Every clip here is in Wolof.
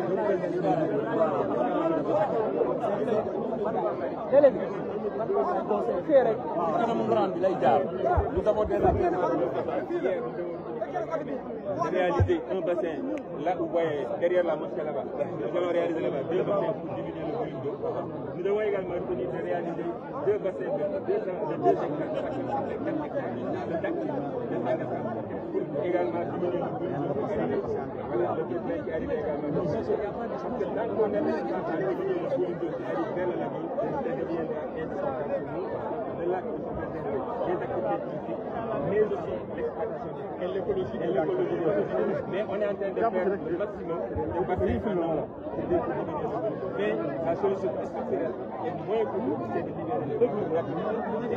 léeg-léeg fee rek ci kanamu ngoraan bi lay jaar lu d'abord en réalité un bassin là vous voyez derrière la mosquée là-bas nous allons réaliser là-bas deux bassins pour diminuer le volume d'eau nous devons également retenir de réaliser deux bassins de deux hectares de 4 hectares de 4 hectares de 5 hectares également mais aussi l'exploitation et l'écologie et l'écologie. Mais on est en train de faire le maximum de passer par là. Mais la solution structurelle est moins pour nous, c'est de libérer le peuple de la communauté.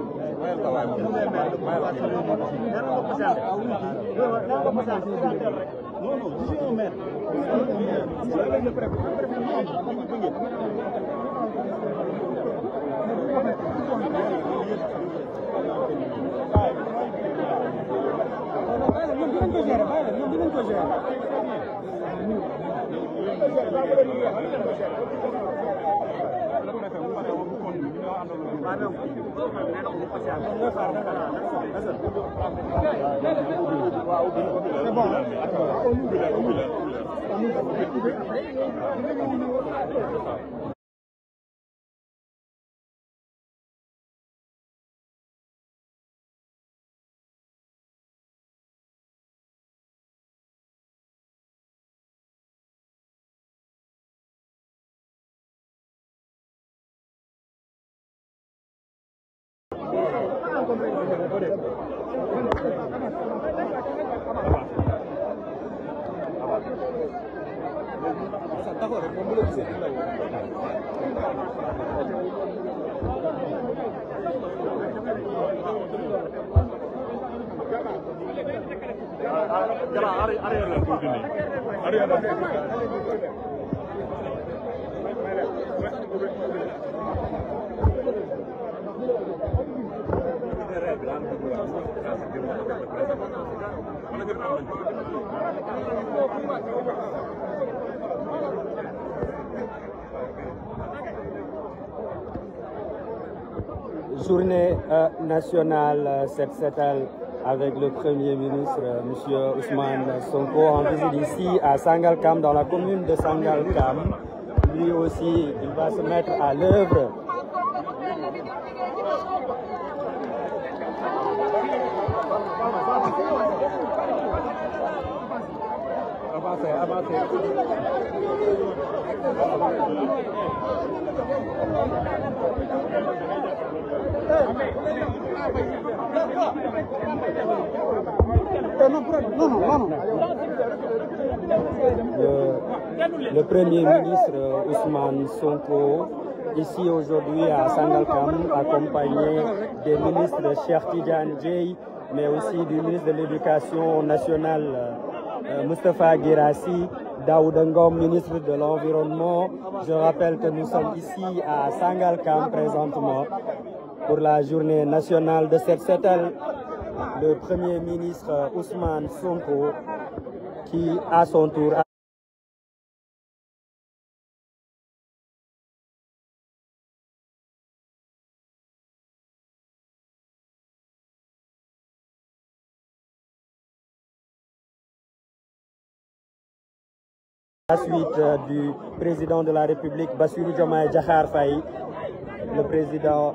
Non, non, je suis un maire. C'est avec le préfet. Le préfet, non, Thank you. C'est bon. Euh, national euh, set setal avec le Premier ministre, euh, M. Ousmane Sonko, en visite ici à Sangalkam, dans la commune de Sangalkam. Lui aussi, il va se mettre à l'œuvre Le, le Premier ministre euh, Ousmane Sonko, ici aujourd'hui à Sangalkam, accompagné des ministres Cheikh Tidiane Dièye, mais aussi du ministre de l'Éducation nationale euh, Moustapha Guirassy, Daouda Ngom, ministre de l'Environnement. Je rappelle que nous sommes ici à Sangalkam présentement pour la journée nationale de Set Setal, le Premier ministre Ousmane Sonko, qui à son tour a la suite euh, du président de la République, Bassirou Diomaye Diakhar Faye, le président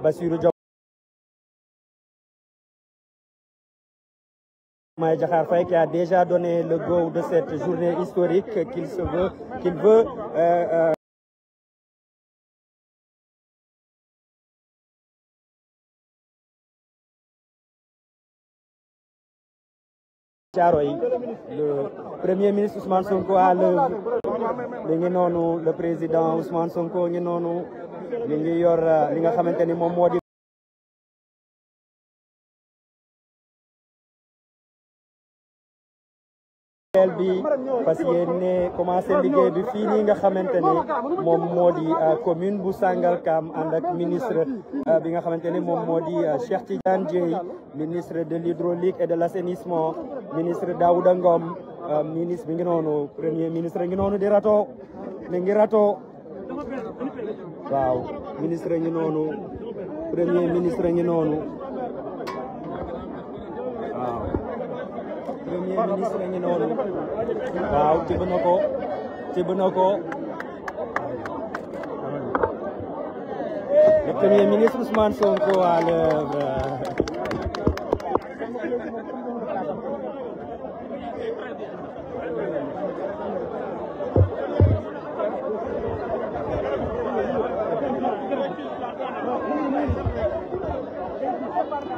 Bassirou Diomaye Diakhar a déjà donné le go de cette journée historique qu'il se veut qu'il veut euh, euh, le premier ministre Ousmane Sonko a le mi ngi noonu le président Ousmane Sonko ñu yor euh, li nga xamante ni moom moo di bi parce que yéen commencé liggéey bi fii nii nga xamante ne moom moo di euh, commune bu Sangalkam ànd ak ministre euh, bi nga xamante ne moom moo di Cheikh Tidiane Dièye ministre de l'hydraulique et de l'assainissement ministre Daouda Ngom ministre bi ngi noonu premier ministre ngi di rato mi rato waaw ministre ngi noonu premier ministre ngi noonu waaw premier ministre ngi noonu waaw tibb na ko tibb ko le premier ministre Ousmane Sonko à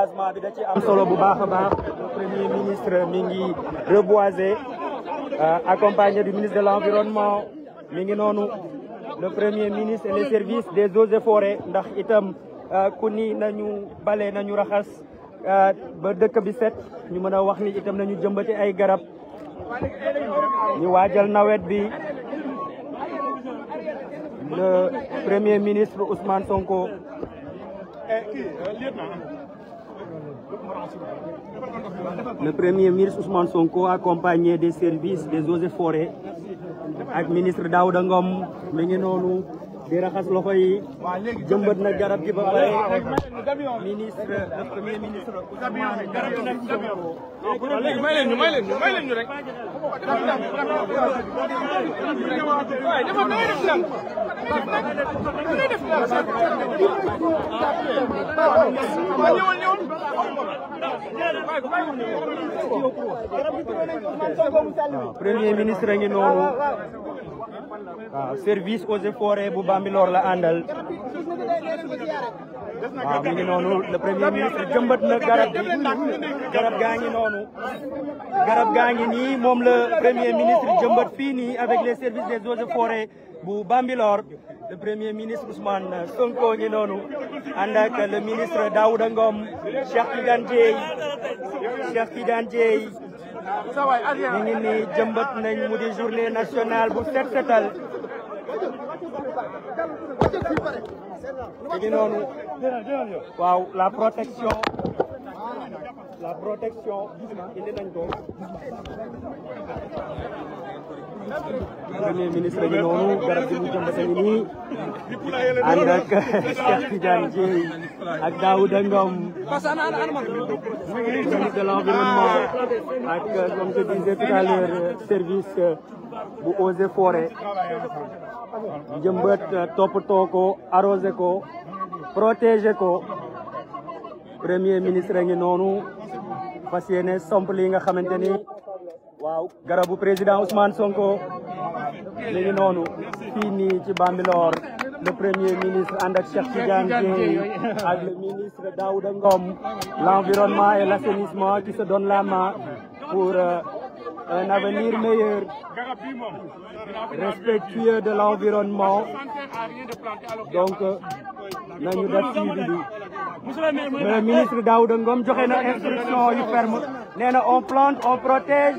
reboisement bi da ci am solo bu baax a baax le premier ministre mi ngi reboiser euh, accompagné du ministre de l'environnement mi ngi noonu le premier ministre et les services des eaux et forêts ndax itam euh, ku ni nañu bale ñu raxas euh, ba dëkk bi set ñu mën a wax ni itam nañu jëmbati ay garab ñu waajal nawet bi le premier ministre Ousmane Sonko Le premier ministre Ousmane Sonko accompagné des services des eaux et ak ministre Daouda Ngom mi raxas loxo yi na garab gi ba ministre le premier ministre premier ministre a ngi noonu waaw ah, service eaux et forêts bu Bambilor la àndal waaw ah, mi ngi noonu premier ministre jëmbat na garab gi garab gaa ngi garab gaa ngi moom la premier ministre jëmbat fii nii avec les services des eaux et forêts bu Bambilor le premier ministre Ousmane Sonko ngi noonu ànd ak le ministre Daouda Ngom Cheikh Tidiane Dieye Cheikh Tidiane Dieye ñu ngi mu di journée nationale bu set setal ñu ngi waaw la protection premier ministre gi noonu garab gi mu jëmbate gi ak Cheikh Tidiane ministre de ak comme je disais tout service bu eaux et forêts jëmbat toppatoo ko arrosé ko protégé ko premier ministre ngi noonu fas yéene somp li nga xamante ni waaw garabu président Ousmane Sonko mi ngi noonu fii nii ci Bambilor le premier ministre ànd ak Cheikh Tidiane Dièye ak le ministre Daouda Ngom l'environnement et l'assainissement qui se donnent la main pour euh, un avenir meilleur respectueux de l'environnement donc euh, nañu def le ministre Daouda Ngom joxe na instruction yu ferme na on plante on protège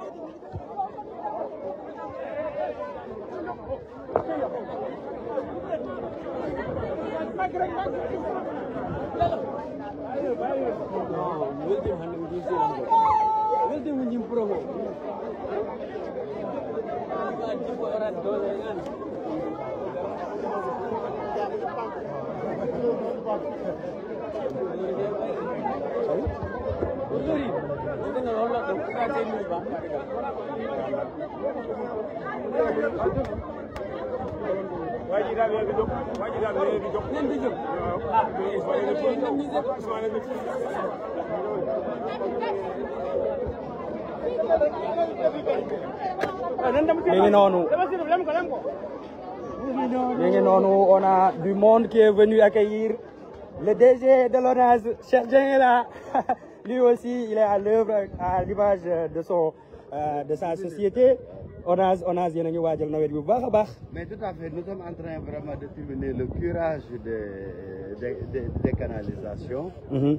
waa ji daal léegi jóg waa ji daal léegi jóg. ngeen di jóg ah mi ngi noonu mi ngi noonu on a du monde qui est venu accueillir le DG de l'ONAS Cheikh Dieng là Lui aussi, il est à l'œuvre à l'image de son euh, de sa société. ONAS ONAS yéen a ngi waajal nawet bi bu baax a baax. mais tout à fait nous sommes en train vraiment de terminer le curage de des des, des canalisations. Mm-hmm.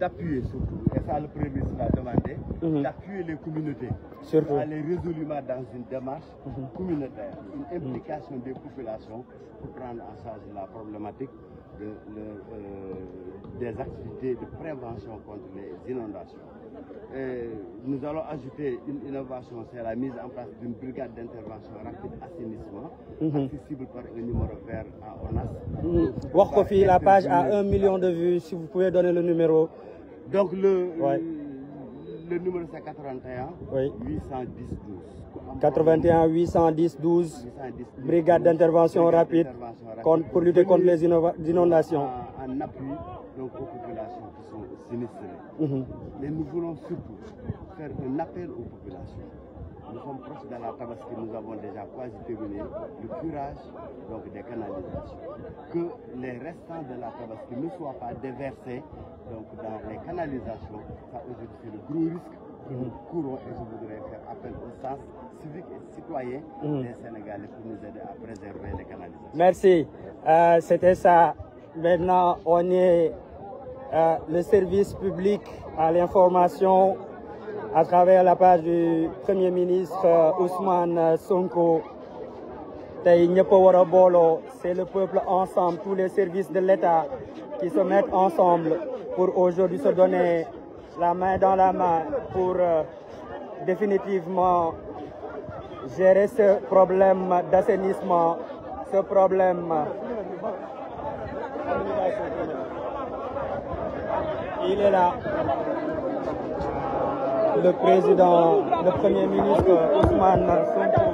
d'appuyer surtout et ça le premier ministre l'a demandé. mm d'appuyer les communautés. surtout aller résolument dans une démarche. Mm-hmm. Mm-hmm. des populations pour prendre en charge la problématique. de, le, euh, des activités de prévention contre les inondations. Et nous allons ajouter une innovation, c'est la mise en place d'une brigade d'intervention rapide assainissement, mm -hmm. accessible par un numéro vert à ONAS. Mm -hmm. la page a 1 million de vues, si vous pouvez donner le numéro. Donc le le numéro c'est 81. oui 810 12. 81 810 12. 810 brigade d'intervention pour lutter contre les inondations. En, en appui donc aux populations qui nous sommes proches de la Tabaski, nous avons déjà quasi terminé le des canalisations. Que les restants de la Tabaski ne soient pas déversés dans les canalisations, ça nous mhm. courons et je voudrais faire appel au sens civique et citoyen mhm. des Sénégalais pour nous aider à préserver les canalisations. Euh, euh, public à l'information à travers la page du premier ministre euh, Ousmane euh, Sonko tey ñëpp a war a booloo c'est le peuple ensemble tous les services de l'État qui se mettent ensemble pour aujourd'hui se donner la main dans la main pour euh, définitivement gérer ce problème d'assainissement ce problème il est là le président, le premier ministre Ousmane Sonko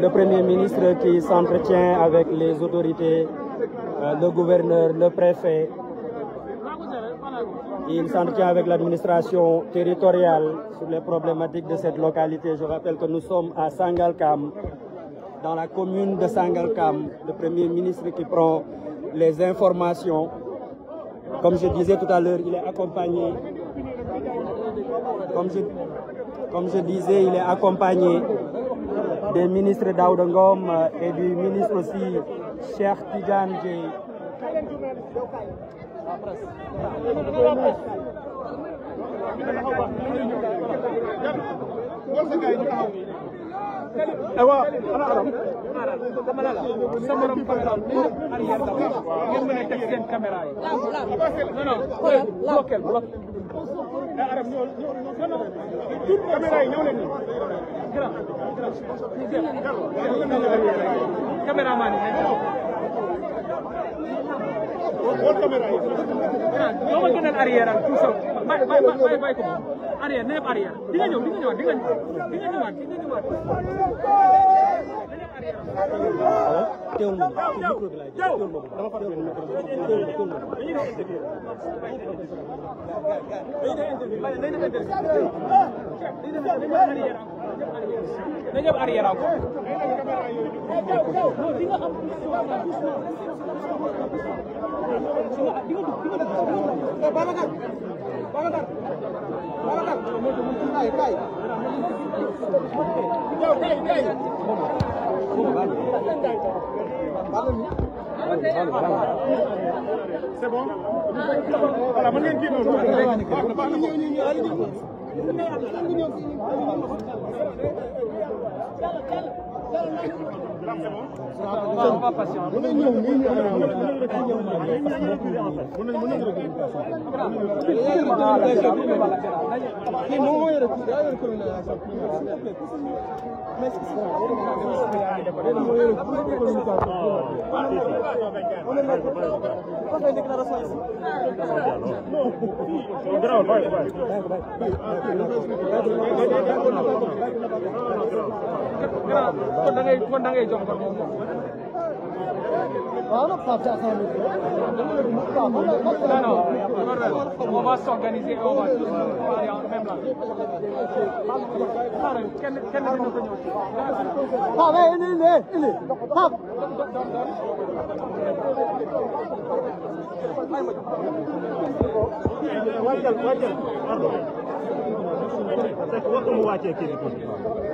le Premier ministre qui s'entretient avec les autorités, euh, le gouverneur, le préfet. Il s'entretient avec l'administration territoriale sur les problématiques de cette localité. Je rappelle que nous sommes à Sangalkam, dans la commune de Sangalkam. Le Premier ministre qui prend les informations. Comme je disais tout à l'heure, il est accompagné des ministres Daouda Ngom et du ministre aussi Cheikh Tidiane Dièye caméra yi ñëw leen doo ma gënal arrière ak tout ça bàyyi bàyyi bàyyi ko arrière neef arrière di nga ñëw di nga ñëwaat di nga ñëwaat di nga ñëwaat teewul ma ko teewul ma ko dama fàtte woon micro bi teewul teewul ma ko. na ñëpp arrière encore. non di nga am di nga di nga dugg. Babacar Babacar Babacar. kay kay. C'est bon voilà mën ngeen kii noonu On va passer. Não, kon da ngay kon da ngay jox ko moom waaw nag Pape Diakha mi on va s'organiser on va tous parler en même langue xaaral kenn kenn dina ko ñëw Pape ini ne ini Pape wàccal wàccal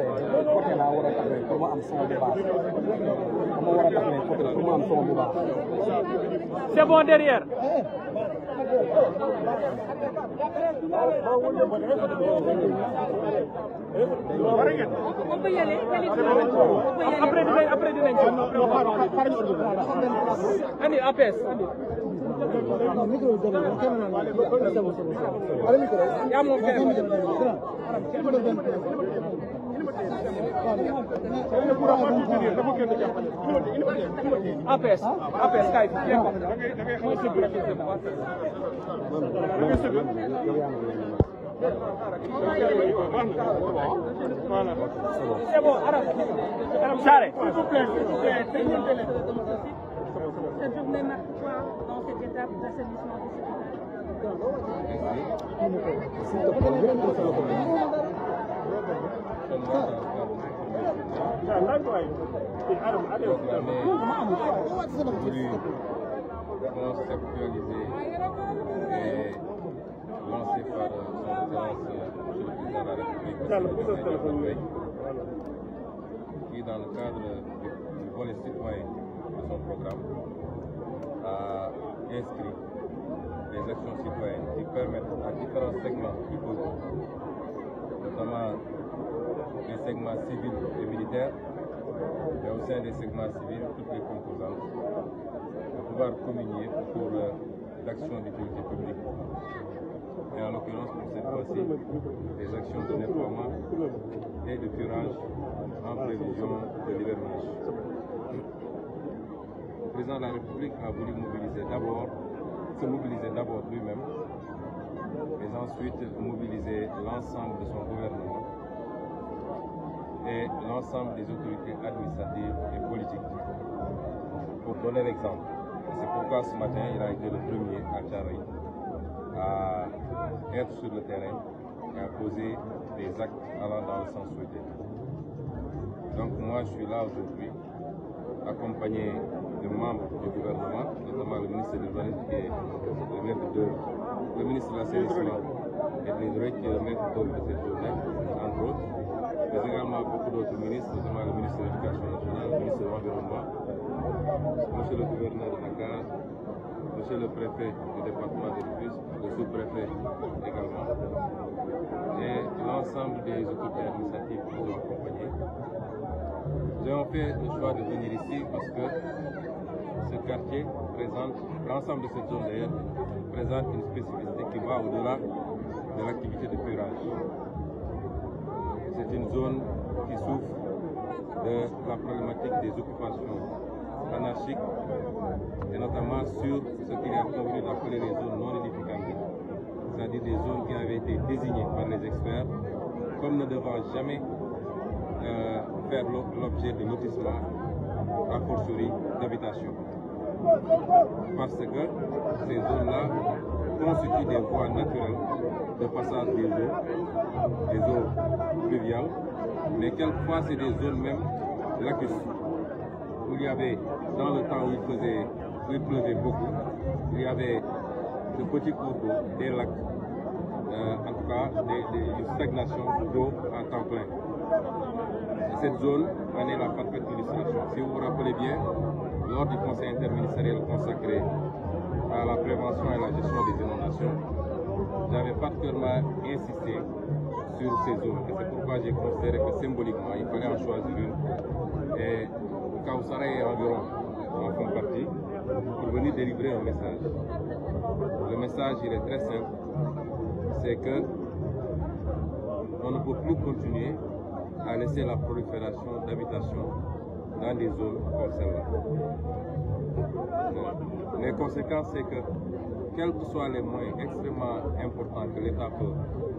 a taxawee pour ma am son bu baax ma war a taxawee côté pour ma am son bu baax. c'est bon derrière. après dinañ après dinañ andi APS andi. yaa moom APS APS kay Saare Cette journée marque quoi dans cette étape d'assainissement du Sénégal conceptualisé et lancé par son excellence le qui dans le cadre du volet de son programme a inscrit des actions citoyennes qui permettent à différents segments du peuple, notamment des segments civils et militaires, mais au sein des segments civils, toutes les composantes, de pouvoir communier pour euh, l'action des politiques Et en l'occurrence, pour cette des actions de nettoiement et de curage en prévision de l'hivernage. Le président de la République a voulu mobiliser d'abord, se mobiliser d'abord lui-même, mais ensuite mobiliser l'ensemble de son gouvernement et l'ensemble des autorités administratives et politiques pour donner l'exemple. C'est pourquoi ce matin, il a été le premier à à être sur le terrain et à poser des actes allant dans le sens souhaité. Donc moi, je suis là aujourd'hui, accompagné de membres du gouvernement, notamment le ministre de l'Urbanisme et le maître de, le ministre de l'Assainissement et de l'Hydraulique qui est le maître de cette journée, entre autres. également beaucoup d'autres ministres, notamment le ministre de l'Éducation nationale, le ministre de l'Environnement, monsieur le gouverneur de Dakar, monsieur le préfet du département de Rufisque, le sous-préfet également, et l'ensemble des autorités administratives nous avons fait le choix de venir ici parce que ce quartier présente, l'ensemble de cette zone présente une spécificité qui va au-delà de l'activité de purage. c'est une zone qui souffre de la problématique des occupations anarchiques et notamment sur ce qu'il est convenu d'appeler les zones non édificantes, c'est-à-dire des zones qui avaient été désignées par les experts comme ne devant jamais euh, faire l'objet de lotissement, a fortiori d'habitation. Parce que ces zones-là constituent des voies naturelles de passage des eaux pluviales, mais quelquefois c'est des zones même lacustres. Il y avait, dans le temps où il, faisait, où beaucoup, il y avait de petits cours des lacs, euh, en tout cas des, des, d'eau à temps Cette zone en est la parfaite illustration. Si vous rappelez bien, lors du conseil interministériel consacré à la prévention et la gestion des inondations, j'avais particulièrement insisté sur ces zones. c'est pourquoi j'ai considéré que symboliquement, il fallait en choisir une. Et Kaoussara et environ en font pour venir délivrer un message. Le message, il est très simple. C'est que on ne peut plus continuer à laisser la prolifération d'habitations dans des zones comme c'est que, quels que soient les moyens extrêmement importants que l'État peut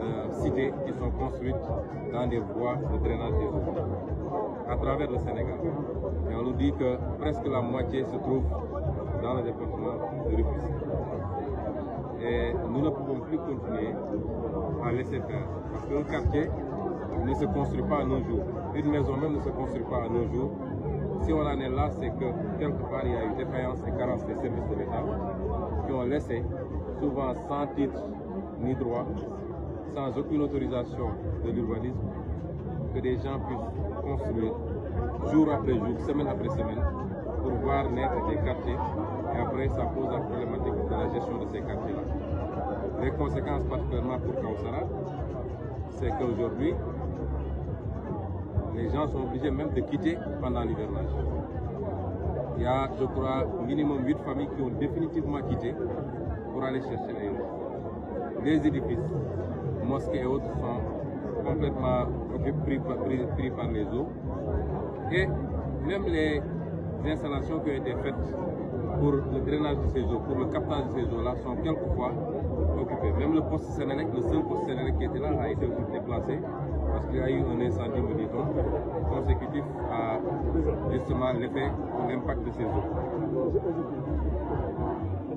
Euh, cités qui sont construites dans des voies de drainage des eaux à travers le Sénégal. Et on nous dit que presque la moitié se trouve dans le département de Rufisque. Et nous ne pouvons plus continuer à laisser faire. Parce qu'un quartier ne se construit pas à nos jours. Une maison même ne se construit pas à nos jours. Si on en est là, c'est que quelque part, il y a eu défaillance et carence des services qui ont laissé souvent sans titre ni sans aucune autorisation de l'urbanisme, que des gens puissent construire jour après jour, semaine après semaine, pour voir naître des quartiers. Et après, ça pose la problématique de la gestion de ces quartiers-là. Les conséquences, particulièrement pour Kausara, c'est qu'aujourd'hui, les gens sont obligés même de quitter pendant l'hivernage. Il y a, je crois, minimum 8 familles qui ont définitivement quitté pour aller chercher Les édifices, mosquées et autres sont complètement pris, par les eaux. Et même les installations qui ont été pour le drainage de ces eaux, pour le captage de ces eaux-là, sont quelquefois occupées. Même le poste Sénélec, le seul poste Sénélec qui était là, a été déplacé parce qu'il y a eu un incendie, me dit-on, consécutif à justement l'effet ou l'impact de ces eaux.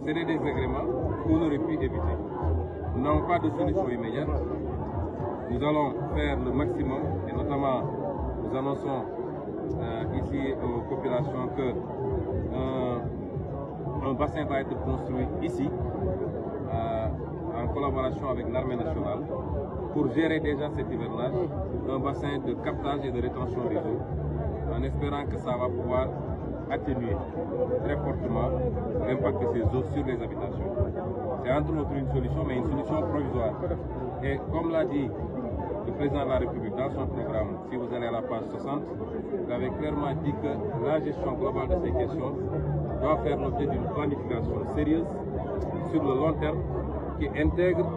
C'est des désagréments qu'on aurait éviter. Nous n'avons pas de solution immédiate. Nous allons faire le maximum et notamment nous annonçons euh, ici aux populations que euh, un bassin va être construit ici euh, en collaboration avec l'armée nationale pour gérer déjà cet hivernage, un bassin de captage et de rétention des eaux en espérant que ça va pouvoir atténuer très fortement l'impact de ces eaux sur les habitations. C'est entre autres une solution, provisoire. Et comme l'a dit le président de la République dans son programme, si vous allez à la page 60, il clairement dit que la gestion globale de ces questions doit faire l'objet d'une planification sérieuse sur le long terme qui intègre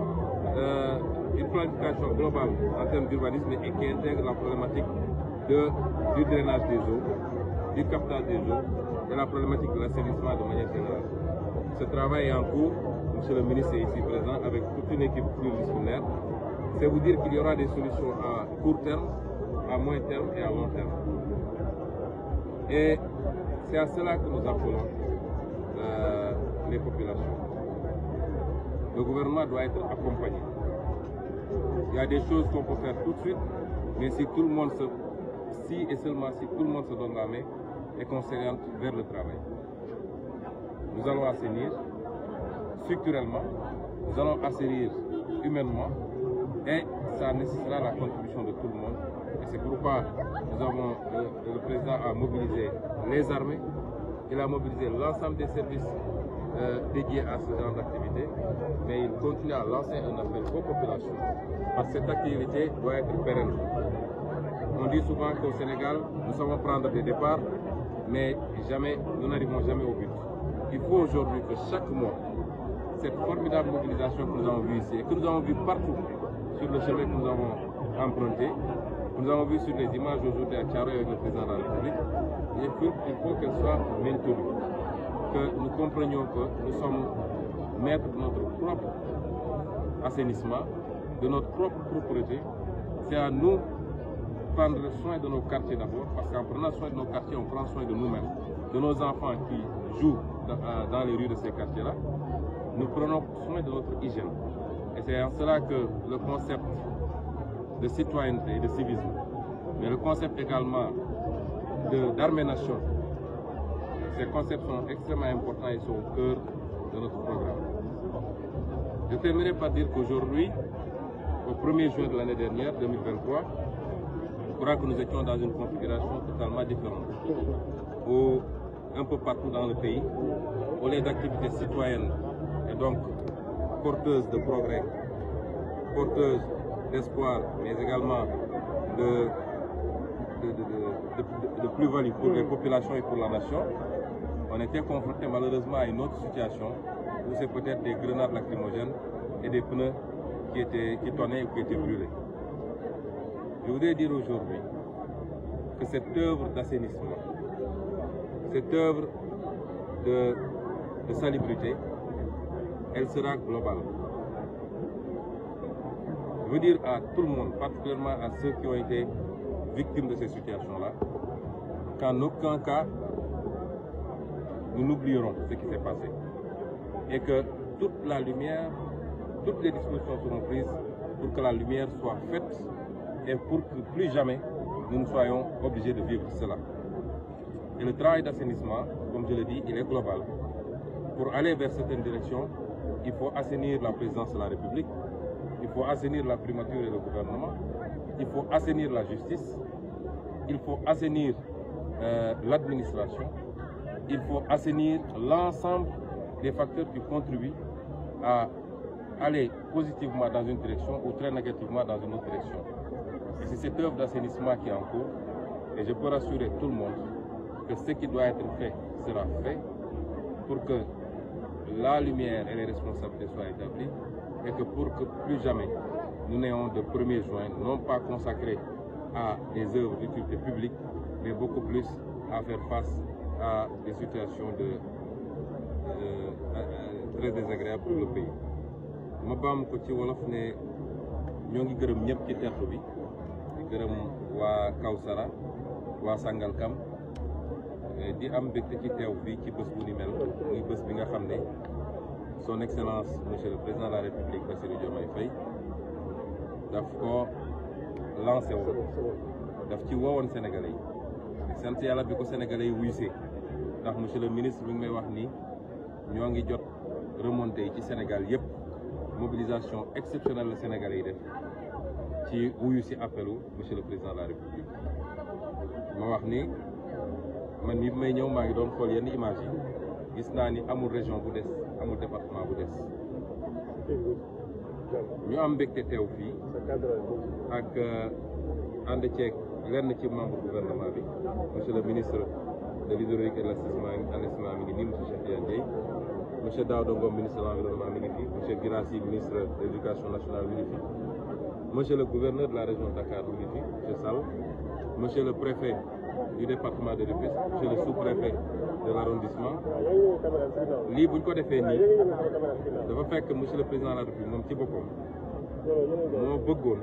une planification globale en termes d'urbanisme et qui intègre la problématique de, drainage des eaux, du captage des eaux et la problématique de l'assainissement de manière générale. Monsieur le ministre est ici présent avec toute une équipe pluridisciplinaire. C'est vous dire qu'il y aura des solutions à court terme, à moyen terme et à long terme. Et c'est à cela que nous appelons euh, les populations. Le gouvernement doit être accompagné. Il y a des choses qu'on peut faire tout de suite, mais si tout le monde se, si et seulement si tout le monde se donne la main et qu'on s'oriente vers le travail. Nous allons assainir, structurellement, nous allons assainir humainement et ça nécessitera la contribution de tout le monde. Et c'est pourquoi nous avons, euh, le président a mobilisé les armées, il a mobilisé l'ensemble des services euh, dédiés à ce genre d'activité, mais il continue à lancer un appel aux populations parce que cette activité doit être pérenne. On dit souvent qu'au Sénégal, nous savons prendre des départs, mais nous n'arrivons jamais au but. il faut aujourd'hui que chaque mois, cette formidable mobilisation que nous avons vue ici et que nous avons vue partout sur le chemin que nous avons emprunté, que nous avons vu sur les images aujourd'hui avec le président la République, il faut, il faut qu'elle soit maintenue, que nous comprenions que nous sommes maîtres de notre propre assainissement, de nos quartiers d'abord, parce qu'en prenant soin de nos quartiers, on prend soin de nos enfants Euh, dans les rues de ces quartiers-là, nous prenons soin de notre hygiène. Et c'est en cela que le concept de citoyenneté et de civisme, mais le concept également darmée ces concepts sont extrêmement importants et sont au cœur de notre programme. Je terminerai par dire qu'aujourd'hui, au 1er juin de l'année dernière, 2023, je crois que nous étions dans une configuration totalement différente. Où un peu partout dans le pays, au lieu d'activités citoyennes et donc porteuses de progrès, porteuses d'espoir, mais également de, plus-value pour les mm. populations et pour la nation, on était confronté malheureusement à une autre situation où c'est peut-être des grenades lacrymogènes et des pneus qui, étaient, brûlés. Je voudrais dire aujourd'hui que cette œuvre d'assainissement cette œuvre de, de elle sera globale. Je veux dire à tout le monde, particulièrement à ceux qui ont été victimes de ces situations-là, qu'en aucun cas, nous n'oublierons ce qui s'est passé. Et que toute la lumière, toutes les dispositions seront prises pour que la lumière soit faite et pour que plus jamais nous ne soyons obligés de vivre cela. le travail d'assainissement, comme je l'ai dit, il est global. Pour aller vers certaines directions, il faut assainir la présidence de la République, il faut assainir la primature et le gouvernement, il faut assainir la justice, il faut assainir euh, l'administration, il faut assainir l'ensemble des facteurs qui contribuent à aller positivement dans une direction ou très négativement dans une autre direction. C'est cette d'assainissement qui est en tout le monde ce qui doit être fait sera fait pour que la lumière et les responsabilités soient établies et que pour que plus jamais nous n'ayons de 1 juin non pas consacré à des œuvres d'utilité publique, mais beaucoup plus à faire face à des situations de, euh, très désagréables le pays. ma baam ko ci wolof ne ñoo ngi gërëm ñëpp ci tertu bi di gërëm Sangalkam Eh, di am mbégte ci teew fii ci bés bu ni mel muy bés bi nga xam ne son excellence monsieur le président la république Bassirou Diomaye Faye daf ko lancé woon daf ci woowoon sénégalais yi sant yàlla bi ko sénégalais yi wuyusee ndax monsieur le ministre bi ngi may wax ni ñoo ngi jot remontée yi ci Sénégal yëpp mobilisation exceptionnelle la sénégalais yi def ci wuyu si appelu monsieur le président la république ma wax ni man mi bi may ñëw maa ngi doon xool yenn image yi gis naa ni amul région bu des amul département bu des ñu am mbégte teew fii ak euh, ànd ceeg lenn ci membre gouvernement bi monsieur le ministre de l'hydraulique et de l'assainissement mi ngi nii monsieur Cheikh Tidiane Dièye monsieur Daouda Ngom ministre de l'environnement monsieur Guirassy ministre de l'éducation nationale mi monsieur le gouverneur de la région Dakar mi ngi fii monsieur Sall monsieur le préfet du département de Rufisque je le sous-préfet de l'arrondissement lii buñ ko defee nii dafa fekk monsieur le président de la République moom ci boppam moo bëggoon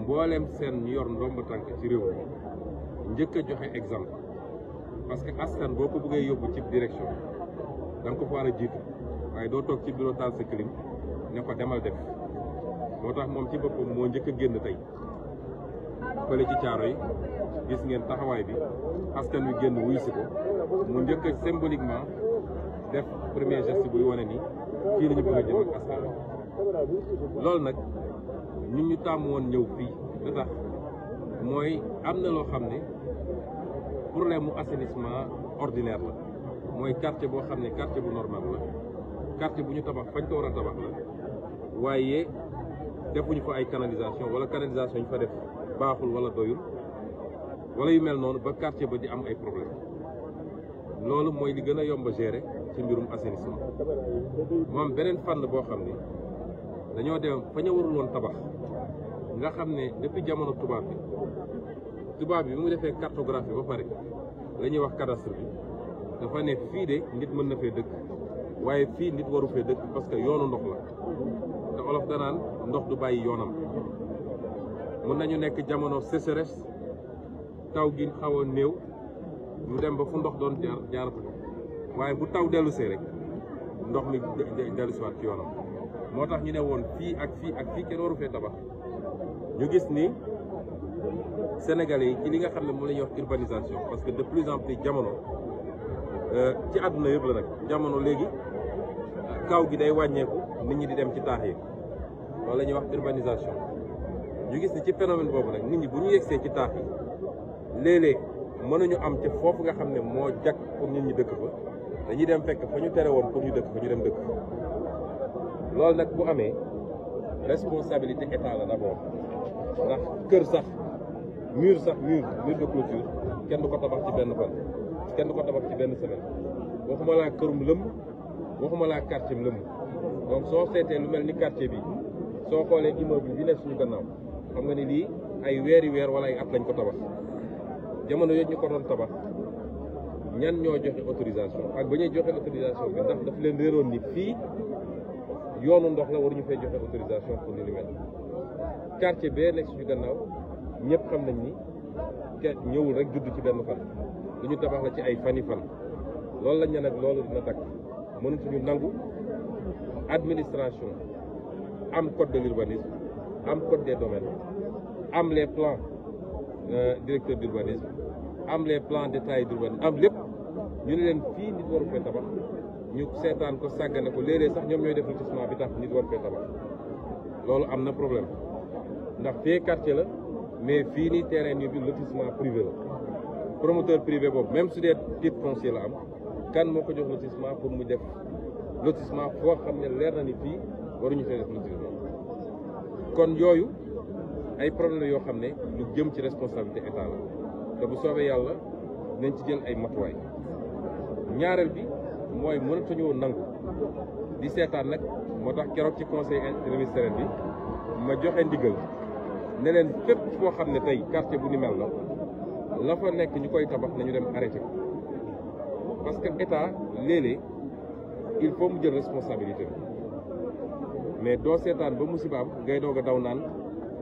mboolem seen ñu yor ndomb tànk ci réew mi njëkk a joxe exemple parce que askan boo ko bëggee yóbbu ci direction da nga ko fa war a jiitu waaye doo toog ci bureau taal sa clim ne ko demal def moo tax moom ci boppam moo njëkk a génn tey fële ci caaro yi gis ngeen taxawaay bi askan wi génn wuyu si ko mu njëkk a symboliquement def premier geste buy wane ni fii la ñu bëgg a jëm ak askan loolu nag ñun ñu tàmm woon ñëw fii lu tax mooy am na loo xam ne problème mu assainissement ordinaire la mooy quartier boo xam ne quartier bu normal la quartier bu ñu tabax fañ ko war a tabax la waaye defuñu fa ay canalisation wala canalisation ñu fa def baaxul wala doyul wala yu mel noonu ba quartier ba di am ay problème loolu mooy li gën a yomba a ci mbirum assainissement moom beneen fànn boo xam ne dañoo dem fa ñu warul tabax nga xam ne depuis jamono tubaab bi tubaab bi mu defee cartographie ba pare la wax cadastre bi dafa ne fii de nit mën na fee dëkk waaye fii nit waru fee dëkk parce que yoonu ndox la te olof danaan ndox du bàyyi yoonam mun nañu nekk jamono sécheresse taw gi xawoon néew lu dem ba fu ndox doon jaar jaaratu waaye bu taw dellu see rek ndox mi dellu siwaat ci yoonam moo tax ñu ne woon fii ak fii ak fii kenn waru fee tabax ñu gis ni Sénégalais yi ci li nga xam ne moom lañuy wax urbanisation parce que de plus en plus jamono euh, ci àdduna yëpp la nag jamono léegi kaw gi day wàññeeku nit ñi di dem ci taax yi loolu la ñuy wax urbanisation ñu gis ni ci phénomène boobu nag nit ñi bu ñu yegsee ci taax yi léeg-léeg mënuñu am ci foofu nga xam ne moo jag pour nit ñi dëkk fa dañuy dem fekk fa ñu tere woon pour ñu dëkk fa ñu dem dëkk loolu nag bu amee responsabilité état la d'abord ndax kër sax mur sax mur mur de clôture kenn du ko tabax ci benn fan ko tabax ci benn semaine waxuma laa kërum lëmm waxuma laa quartier lëmm donc soo seetee lu mel ni quartier bi soo xoolee immeuble bi nekk suñu gannaaw xam nga ne lii ay weeri weer wala ay at lañ ko tabax jamono yooyu ñu ko doon tabax ñan ñoo joxe autorisation ak ba ñuy joxe autorisation bi ndax daf leen réeroon ni fii yoonu ndox la waruñu fay joxe autorisation pour ni li mel quartier bee nekk suñu gannaaw ñëpp xam nañ ni ke ñëwul rek juddu ci benn fa lu ñu tabax la ci ay fani fan loolu lañ ne nag loolu dina takk mënatuñu nangu administration am code de l'urbanisme am code des domaines am les plans euh, directeur d'urbanisme am les plans détaillés d'urbanisme am lépp ñu ne leen fii nit waru fee tabax ñu seetaan ko sàggane ko léeg-léeg sax ñoom ñooy def lotissement bi tax nit waru fee tabax loolu am na problème ndax fee quartier la mais fii ni terrain yi bi lotissement privé la promoteur privé boobu même su dee titre foncier la am kan moo ko jox lotissement pour mu def lotissement foo xam ne leer na ni fii waruñu fee def kon yooyu ay problème yoo xam ne lu jëm ci responsabilité état la te bu soobee yàlla nañ ci jël ay matuwaay ñaareel bi mooy mënatuñoo nangu di seetaan nag moo tax keroog ci conseil interministériel bi ma joxe ndigal ne leen fépp foo xam ne tey quartier bu ni mel la la fa nekk ñu koy tabax nañu dem arrêté ko parce que état léeg-léeg il faut mu jël responsabilité bi mais doo seetaan ba musibaam ngay doog a daw naan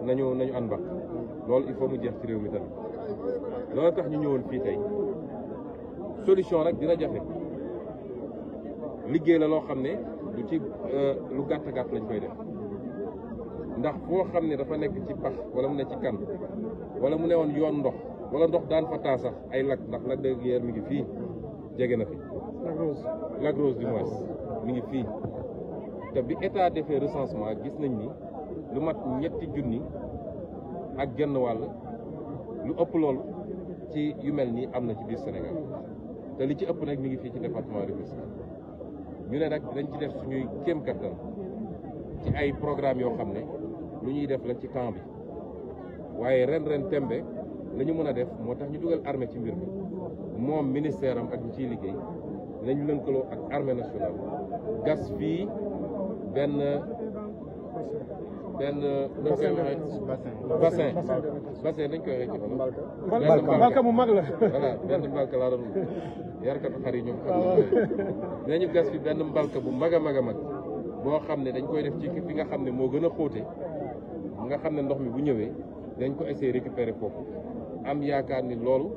nañu nañu an ba loolu il faut mu jeex ci réew mi tamit loolu tax ñu ñëwoon fii tey solution rek dina jafe liggéey la loo xam ne du ci euh, lu gàtt gàtt lañ koy def ndax foo xam ne dafa nekk ci pax wala mu ne ci kan wala mu ne woon yoon ndox wala ndox daan fa taa sax ay lag ndax lag de guerre mi ngi fii jege na fi. Lac Rose Lac Rose du moins mi ngi fii. te bi état defee recensement gis nañ ni lu mat ñetti junni ak genn wàll lu ëpp lool ci yu mel ni am na ci biir Sénégal te li ci ëpp nag mi ngi fii ci département Rufisque ñu ne nag dañ ci def ñuy kéem kattan ci ay programme yoo xam ne lu ñuy def la ci temps bi waaye ren ren tembe lañu ñu mën a def moo tax ñu dugal armée ci mbir mi moom ministère am ak ñi ciy liggéey nañ lënkaloo ak armée nationale gas fii benn benn dañ koy waxee bassin bassin dañ koy waxee ci wolof. mbalka mu mag la. voilà benn mbalka laa doon yarkatu xar yi ñoom ah, xam benn mbalka bu mag a mag a mag boo xam ne dañ koy def ci fi nga xam ne moo gën a xóote nga xam ne ndox mi bu ñëwee dañ ko essayer récupérer foofu am yaakaar ni loolu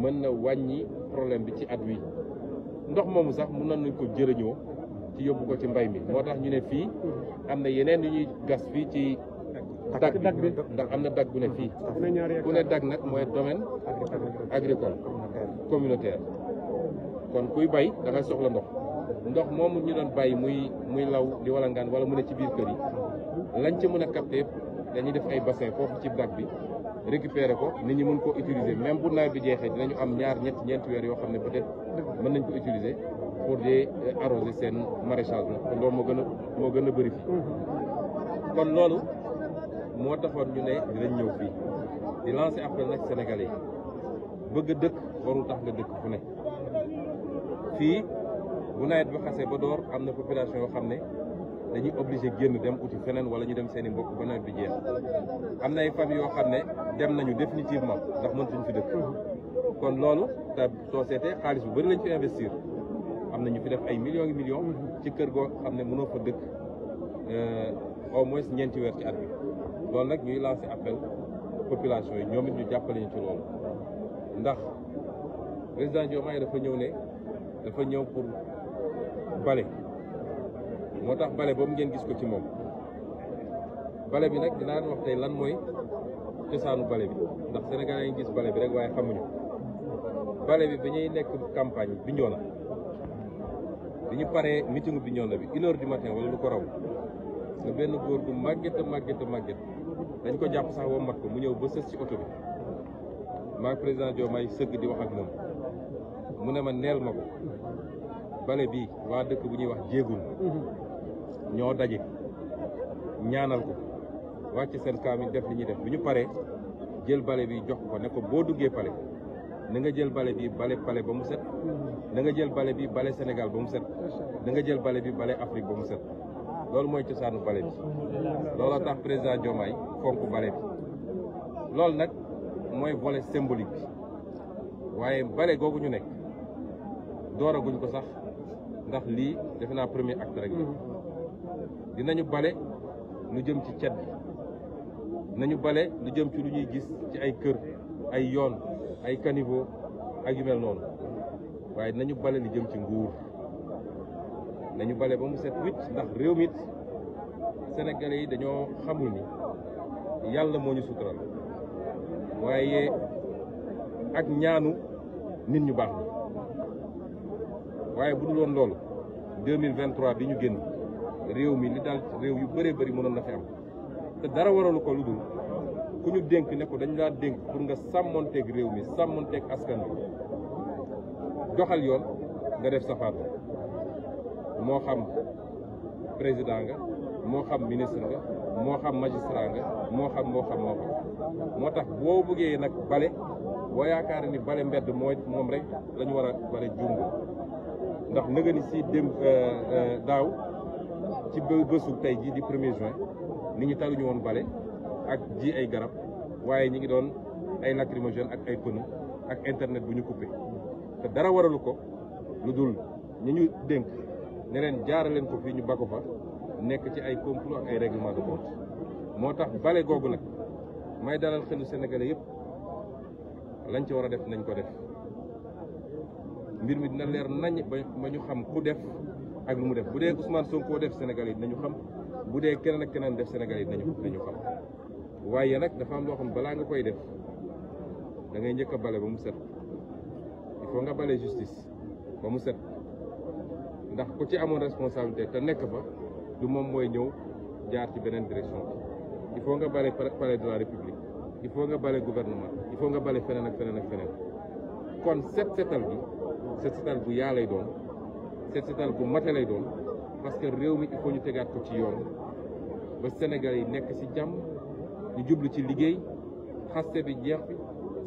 mën na wàññi problème bi ci at wi ndox moomu sax mun nañ ko jërëñoo ci yóbbu ko ci mbay mi moo tax ñu ne fii am na yeneen yu ñuy gas fii ci dag bi ndax am na dag bu ne fii bu ne dag nag mooy domaine agricole communautaire kon kuy bay da soxla ndox ndox moom ñu doon bàyyi muy muy law di walangaan wala mu ne ci biir kër yi lañ ci mën a capté dañuy def ay bassin foofu ci dag bi récupérer ko nit ñi mën koo utiliser même bu nawet bi jeexee dinañu am ñaar ñett ñeenti weer yoo xam ne peut-être mën nañ koo utiliser pour di euh, arroser seen maraîchage la kon loolu moo gën a moo gën a bëri fii kon loolu moo taxoon ñu ne dinañ ñëw fii di lancer appel nag Sénégalais yi bëgg dëkk warul tax nga dëkk fu ne fii bu nawet bi xasee ba door am na population yoo xam ne dañuy obligé génn dem uti feneen wala ñu dem seeni i mbokk ba nawet bi jeex am na ay famille yoo xam ne dem nañu définitivement ndax mëntuñ fi def kon loolu ta soo seetee xaalis bu bëri lañ fi investir am na ñu fi def ay millions yi millions ci kër goo xam ne mënoo fa dëkk euh, au moins ñeenti weer ci at bi loolu nag ñuy lancer appel population yi ñoom it ñu jàppale ñu ci loolu ndax président Diomaye dafa ñëw ne dafa ñëw pour bale moo tax bale boobu ngeen gis ko ci moom bale bi nag dinaa wax tey lan mooy cosaanu bale bi ndax sénégalais yi gis bale bi rek waaye xamuñu bale bi bi ñuy nekk campagne Bignona bi ñu paree meeting Bignona bi une heure du matin wala lu ko raw nga góor gu màgget a màgget dañ ko jàpp sax wam mat ko mu ñëw ba sës ci oto bi maa président Diomaye sëgg di wax ak moom mu ne ma neel ma ko bale bi waa dëkk bu ñuy wax jéegul mhm. ñoo daje ñaanal ko wàcc seen kaamil def li ñuy def bu ñu paree jël bale bi jox ko ne ko boo duggee pale na nga jël bale bi bale pale ba mu set na nga jël bale bi bale Sénégal ba mu set na nga jël bale bi bale Afrique ba mu set loolu mooy cosaanu bale bi looloo tax président Diomaye fonk bale bi loolu nag mooy volet symbolique bi waaye bale googu ñu nekk dooraguñ ko sax ndax lii defe naa premier acte rek dinañu bale lu jëm ci cet bi dinañu bale lu jëm ci lu ñuy gis ci ay kër ay yoon ay caniveau ak yu noonu waaye dinañu bale lu jëm ci nguur nañu bale ba mu set wicc ndax réew mi it yi dañoo xamul ni yàlla moo ñu sutural waaye ak ñaanu nit ñu baax la waaye bu dul woon loolu 2023 bi ñu génn réew mi li daal réew yu bëree bëri mënoon na fi am te dara waralu ko lu dul ku ñu dénk ne ko dañu laa dénk pour nga sàmmonteeg réew mi sàmmonteeg askan bi doxal yoon nga def safaan moo xam président nga moo xam ministre nga moo xam magistrat nga moo xam moo xam tax boo bëggee nag bale boo yaakaar ni bale mbedd mooy moom rek la war a bale jumb ndax nëgëni si dem euh, euh, daaw ci bësu tey jii di premier juin nit ñi tàlluñu woon bale ak ji ay garab waaye ñi ngi doon ay jeune ak ay pneu ak internet bu ñu coupé te dara waralu ko lu dul ñu ñu dénk ne leen jaara leen ko fii ñu bako fa nekk ci ay complot ak ay règlement de compte moo tax bale googu nag may dalal xelu senegale yépp lañ ci war a def nañ ko def mbir mi dina leer nañ ba ñu xam ku def ak lu mu def bu dee soo Sonko def Sénégal yi nañu xam bu dee keneen ak keneen def Sénégal yi nañu nañu xam waaye nag dafa am loo xam balaa nga koy def dangay ngay njëkk a bale ba mu set il faut nga bale justice ba mu set ndax ku ci amoon responsabilité te nekk ba du moom mooy ñëw jaar ci beneen direction il faut nga bale palais de la république il faut nga bale gouvernement il faut nga bale feneen ak feneen ak feneen kon set setal bi set setal bu yaa lay doon set bu mate lay doon parce que réew mi il faut ñu tegaat ko ci yoon ba Sénégal yi nekk ci jàmm ñu jublu ci liggéey xaste bi jeex fi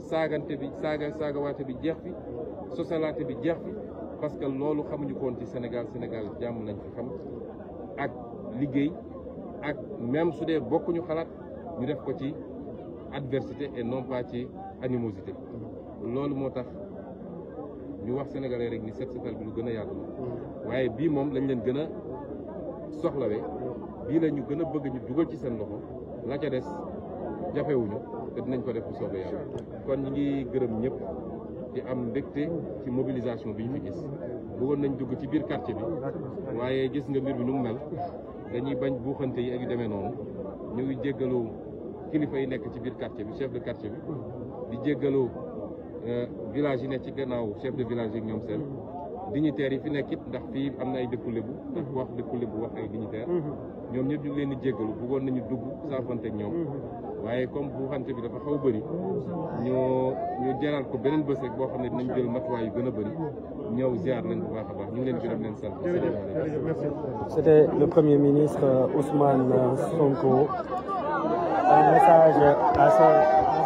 saagante bi saaga saagawaate bi jeex fi sosalaate bi jeex fi parce que loolu xamuñu koon ci senegal Sénégal jàmm nañ fi xam ak liggéey ak même su dee bokkuñu xalaat ñu def ko ci adversité et non pas ci animosité loolu moo tax ñu wax sénégalais rek ni set setal bi lu gën a yàgg la mm. waaye bii moom lañ leen gën a soxlawee bii la ñu gën a bëgg ñu dugal ci seen loxo la ca des jafewuñu te dinañ ko def bu soobee kon ñu ngi gërëm ñëpp di am mbégte ci mobilisation bi ñu fi gis bëggoon nañ dugg ci biir quartier bi waaye gis nga mbir bi nu mu mel dañuy bañ buuxante yi ak yu demee noonu ñu ngi jéggalu kilifa yi nekk ci biir quartier bi chef de quartier bi di jéggaloo Euh, village yi ne ci gannaaw chef de village yi ñoom seen mm. dignitaires yi fi nekk it ndax fii am na ay dëkku lébu ndax mm-hmm. wax dëkku lébu wax ay dignitaire mm-hmm. ñoom ñëpp ñu leen di jéggalu bëggoon nañu dugg saafante ak ñoom mm-hmm. waaye comme bu xante bi dafa xaw a bëri ñoo ñu jaral ko beneen bés boo xam ne dinañ jël matuwaay yu gën a bëri ñëw ziar leen bu baax a baax ñu ngi leen gërëm leen sant c'était le premier ministre Ousmane Sonko un message à son